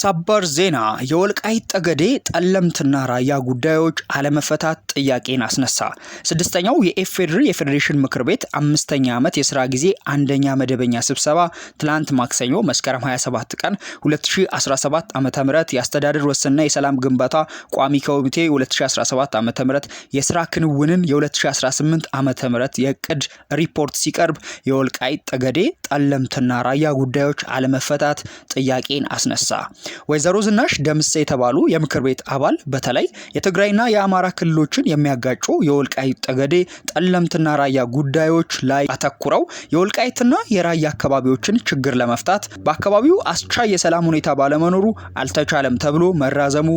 ሰበር ዜና የወልቃይት ጠገዴ ጠለምትና ራያ ጉዳዮች አለመፈታት ጥያቄን አስነሳ። ስድስተኛው የኢፌዴሪ የፌዴሬሽን ምክር ቤት አምስተኛ ዓመት የስራ ጊዜ አንደኛ መደበኛ ስብሰባ ትላንት ማክሰኞ መስከረም 27 ቀን 2017 ም የአስተዳደር ወሰንና የሰላም ግንባታ ቋሚ ኮሚቴ 2017 ዓ.ም የስራ ክንውንን የ2018 ዓ.ም የእቅድ ሪፖርት ሲቀርብ የወልቃይት ጠገዴ ጠለምትና ራያ ጉዳዮች አለመፈታት ጥያቄን አስነሳ። ወይዘሮ ዝናሽ ደምሴ የተባሉ የምክር ቤት አባል በተለይ የትግራይና የአማራ ክልሎችን የሚያጋጩ የወልቃይት ጠገዴ፣ ጠለምትና ራያ ጉዳዮች ላይ አተኩረው የወልቃይትና የራያ አካባቢዎችን ችግር ለመፍታት በአካባቢው አስቻይ የሰላም ሁኔታ ባለመኖሩ አልተቻለም ተብሎ መራዘሙ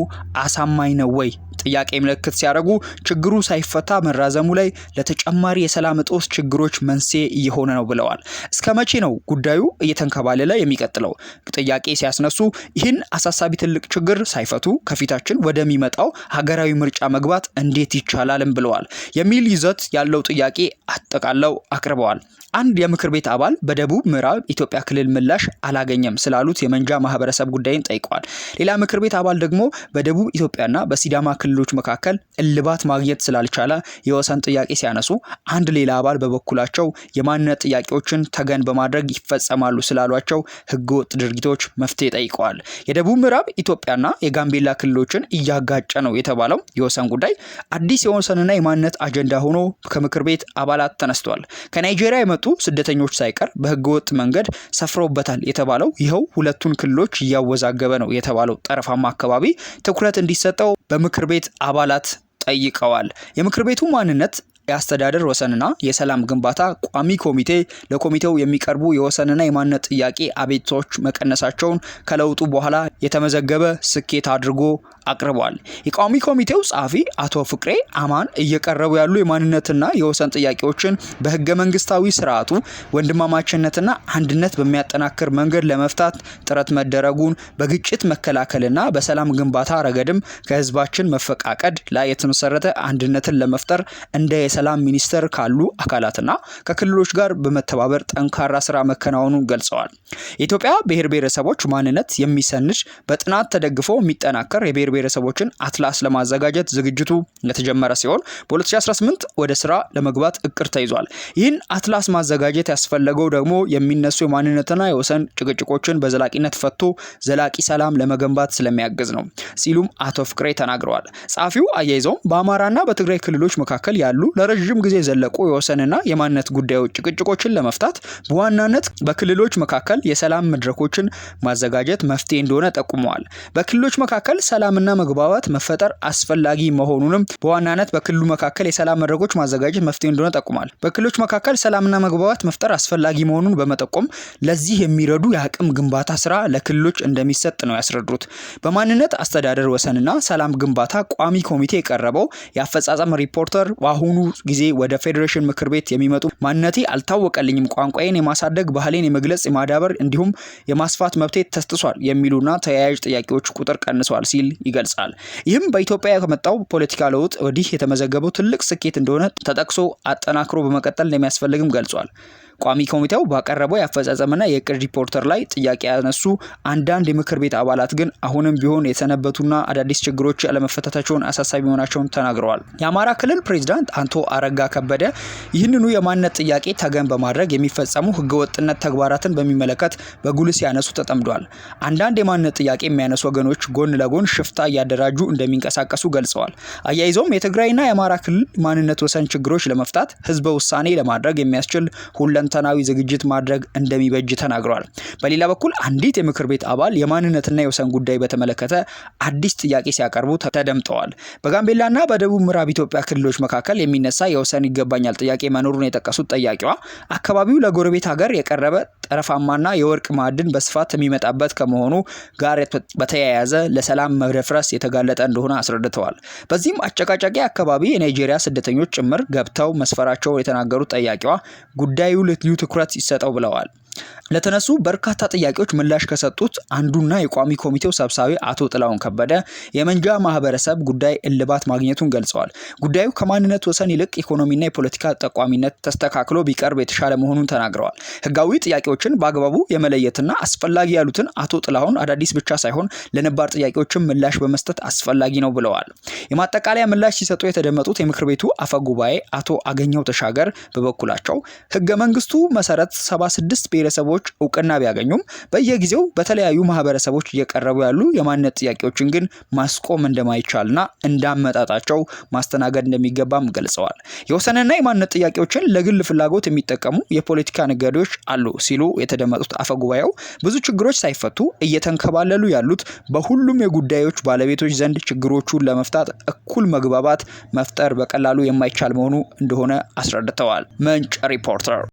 አሳማኝ ነው ወይ ጥያቄ ምልክት ሲያደርጉ ችግሩ ሳይፈታ መራዘሙ ላይ ለተጨማሪ የሰላም እጦት ችግሮች መንስኤ እየሆነ ነው ብለዋል። እስከ መቼ ነው ጉዳዩ እየተንከባለለ የሚቀጥለው? ጥያቄ ሲያስነሱ ይህን ይህን አሳሳቢ ትልቅ ችግር ሳይፈቱ ከፊታችን ወደሚመጣው ሀገራዊ ምርጫ መግባት እንዴት ይቻላልም ብለዋል የሚል ይዘት ያለው ጥያቄ አጠቃለው አቅርበዋል። አንድ የምክር ቤት አባል በደቡብ ምዕራብ ኢትዮጵያ ክልል ምላሽ አላገኘም ስላሉት የመንጃ ማህበረሰብ ጉዳይን ጠይቋል። ሌላ ምክር ቤት አባል ደግሞ በደቡብ ኢትዮጵያና በሲዳማ ክልሎች መካከል እልባት ማግኘት ስላልቻለ የወሰን ጥያቄ ሲያነሱ፣ አንድ ሌላ አባል በበኩላቸው የማንነት ጥያቄዎችን ተገን በማድረግ ይፈጸማሉ ስላሏቸው ህገወጥ ድርጊቶች መፍትሄ ጠይቀዋል። የደቡብ ምዕራብ ኢትዮጵያና የጋምቤላ ክልሎችን እያጋጨ ነው የተባለው የወሰን ጉዳይ አዲስ የወሰንና የማንነት አጀንዳ ሆኖ ከምክር ቤት አባላት ተነስቷል። ከናይጄሪያ የመጡ ስደተኞች ሳይቀር በህገወጥ መንገድ ሰፍረውበታል የተባለው ይኸው ሁለቱን ክልሎች እያወዛገበ ነው የተባለው ጠረፋማ አካባቢ ትኩረት እንዲሰጠው በምክር ቤት አባላት ጠይቀዋል። የምክር ቤቱ ማንነት የአስተዳደር ወሰንና የሰላም ግንባታ ቋሚ ኮሚቴ ለኮሚቴው የሚቀርቡ የወሰንና የማንነት ጥያቄ አቤቱታዎች መቀነሳቸውን ከለውጡ በኋላ የተመዘገበ ስኬት አድርጎ አቅርቧል። የቋሚ ኮሚቴው ጸሐፊ አቶ ፍቅሬ አማን እየቀረቡ ያሉ የማንነትና የወሰን ጥያቄዎችን በህገ መንግስታዊ ስርዓቱ ወንድማማችነትና አንድነት በሚያጠናክር መንገድ ለመፍታት ጥረት መደረጉን በግጭት መከላከልና በሰላም ግንባታ ረገድም ከህዝባችን መፈቃቀድ ላይ የተመሰረተ አንድነትን ለመፍጠር እንደ የሰላም ሚኒስቴር ካሉ አካላትና ከክልሎች ጋር በመተባበር ጠንካራ ስራ መከናወኑን ገልጸዋል። የኢትዮጵያ ብሔር ብሔረሰቦች ማንነት የሚሰንድ በጥናት ተደግፎ የሚጠናከር የብሔር ብሔረሰቦችን አትላስ ለማዘጋጀት ዝግጅቱ የተጀመረ ሲሆን በ2018 ወደ ስራ ለመግባት እቅድ ተይዟል። ይህን አትላስ ማዘጋጀት ያስፈለገው ደግሞ የሚነሱ የማንነትና የወሰን ጭቅጭቆችን በዘላቂነት ፈቶ ዘላቂ ሰላም ለመገንባት ስለሚያግዝ ነው ሲሉም አቶ ፍቅሬ ተናግረዋል። ጸሐፊው አያይዘውም በአማራና በትግራይ ክልሎች መካከል ያሉ ለረዥም ጊዜ የዘለቁ የወሰንና የማንነት ጉዳዮች ጭቅጭቆችን ለመፍታት በዋናነት በክልሎች መካከል የሰላም መድረኮችን ማዘጋጀት መፍትሄ እንደሆነ ጠቁመዋል። በክልሎች መካከል ሰላምና መግባባት መፈጠር አስፈላጊ መሆኑንም በዋናነት በክልሉ መካከል የሰላም መድረኮች ማዘጋጀት መፍትሄ እንደሆነ ጠቁሟል። በክልሎች መካከል ሰላምና መግባባት መፍጠር አስፈላጊ መሆኑን በመጠቆም ለዚህ የሚረዱ የአቅም ግንባታ ስራ ለክልሎች እንደሚሰጥ ነው ያስረዱት። በማንነት አስተዳደር፣ ወሰንና ሰላም ግንባታ ቋሚ ኮሚቴ የቀረበው የአፈጻጸም ሪፖርተር በአሁኑ ጊዜ ወደ ፌዴሬሽን ምክር ቤት የሚመጡ ማንነቴ አልታወቀልኝም፣ ቋንቋዬን የማሳደግ ባህሌን የመግለጽ የማዳበር እንዲሁም የማስፋት መብቴ ተስጥሷል የሚሉና ተያያዥ ጥያቄዎች ቁጥር ቀንሰዋል ሲል ይገልጻል። ይህም በኢትዮጵያ ከመጣው ፖለቲካ ለውጥ ወዲህ የተመዘገበው ትልቅ ስኬት እንደሆነ ተጠቅሶ አጠናክሮ በመቀጠል እንደሚያስፈልግም ገልጿል። ቋሚ ኮሚቴው ባቀረበው የአፈጻጸምና የእቅድ ሪፖርተር ላይ ጥያቄ ያነሱ አንዳንድ የምክር ቤት አባላት ግን አሁንም ቢሆን የተነበቱና አዳዲስ ችግሮች ያለመፈታታቸውን አሳሳቢ መሆናቸውን ተናግረዋል። የአማራ ክልል ፕሬዚዳንት አቶ አረጋ ከበደ ይህንኑ የማንነት ጥያቄ ተገን በማድረግ የሚፈጸሙ ህገወጥነት ተግባራትን በሚመለከት በጉልህ ሲያነሱ ተጠምዷል። አንዳንድ የማንነት ጥያቄ የሚያነሱ ወገኖች ጎን ለጎን ሽፍታ እያደራጁ እንደሚንቀሳቀሱ ገልጸዋል። አያይዘውም የትግራይና የአማራ ክልል ማንነት ወሰን ችግሮች ለመፍታት ህዝበ ውሳኔ ለማድረግ የሚያስችል ሁለ ሁለንተናዊ ዝግጅት ማድረግ እንደሚበጅ ተናግሯል። በሌላ በኩል አንዲት የምክር ቤት አባል የማንነትና የወሰን ጉዳይ በተመለከተ አዲስ ጥያቄ ሲያቀርቡ ተደምጠዋል። በጋምቤላና በደቡብ ምዕራብ ኢትዮጵያ ክልሎች መካከል የሚነሳ የወሰን ይገባኛል ጥያቄ መኖሩን የጠቀሱት ጠያቂዋ አካባቢው ለጎረቤት ሀገር የቀረበ ጠረፋማና የወርቅ ማዕድን በስፋት የሚመጣበት ከመሆኑ ጋር በተያያዘ ለሰላም መደፍረስ የተጋለጠ እንደሆነ አስረድተዋል። በዚህም አጨቃጫቂ አካባቢ የናይጄሪያ ስደተኞች ጭምር ገብተው መስፈራቸውን የተናገሩት ጠያቂዋ ጉዳዩ አበክሪት ልዩ ትኩረት ይሰጠው ብለዋል ለተነሱ በርካታ ጥያቄዎች ምላሽ ከሰጡት አንዱና የቋሚ ኮሚቴው ሰብሳቢ አቶ ጥላሁን ከበደ የመንጃ ማህበረሰብ ጉዳይ እልባት ማግኘቱን ገልጸዋል። ጉዳዩ ከማንነት ወሰን ይልቅ ኢኮኖሚና የፖለቲካ ጠቋሚነት ተስተካክሎ ቢቀርብ የተሻለ መሆኑን ተናግረዋል። ህጋዊ ጥያቄዎችን በአግባቡ የመለየትና አስፈላጊ ያሉትን አቶ ጥላሁን አዳዲስ ብቻ ሳይሆን ለነባር ጥያቄዎችን ምላሽ በመስጠት አስፈላጊ ነው ብለዋል። የማጠቃለያ ምላሽ ሲሰጡ የተደመጡት የምክር ቤቱ አፈ ጉባኤ አቶ አገኘው ተሻገር በበኩላቸው ህገ መንግስቱ መሰረት 76 ብሔረሰቦች እውቅና ቢያገኙም በየጊዜው በተለያዩ ማህበረሰቦች እየቀረቡ ያሉ የማንነት ጥያቄዎችን ግን ማስቆም እንደማይቻልና እንዳመጣጣቸው ማስተናገድ እንደሚገባም ገልጸዋል። የወሰንና የማንነት ጥያቄዎችን ለግል ፍላጎት የሚጠቀሙ የፖለቲካ ነጋዴዎች አሉ ሲሉ የተደመጡት አፈ ጉባኤው ብዙ ችግሮች ሳይፈቱ እየተንከባለሉ ያሉት በሁሉም የጉዳዮች ባለቤቶች ዘንድ ችግሮቹን ለመፍታት እኩል መግባባት መፍጠር በቀላሉ የማይቻል መሆኑ እንደሆነ አስረድተዋል። ምንጭ ሪፖርተር